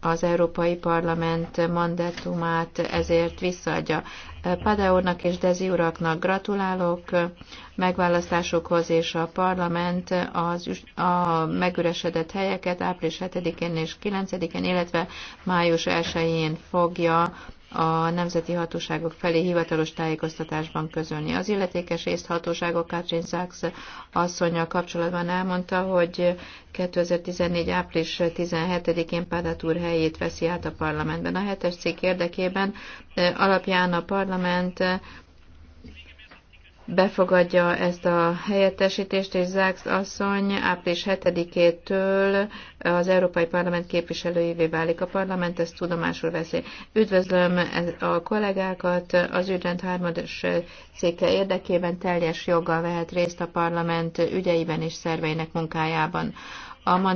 az Európai Parlament mandátumát ezért visszaadja. Padeónak és Dezi uraknak gratulálok megválasztásukhoz, és a parlament az, a megüresedett helyeket április 7-én és 9-én, illetve május 1-én fogja a nemzeti hatóságok felé hivatalos tájékoztatásban közölni. Az illetékes részt hatóságok Katrin Sachs asszonynal kapcsolatban elmondta, hogy 2014. április 17-én Pádatúr helyét veszi át a parlamentben. A hetes cikk érdekében eh, alapján a parlament befogadja ezt a helyettesítést, és Záx asszony április 7-től az Európai Parlament képviselőjévé válik a parlament, ezt tudomásul veszi. Üdvözlöm a kollégákat, az ügyrend harmados széke érdekében teljes joggal vehet részt a parlament ügyeiben és szerveinek munkájában. A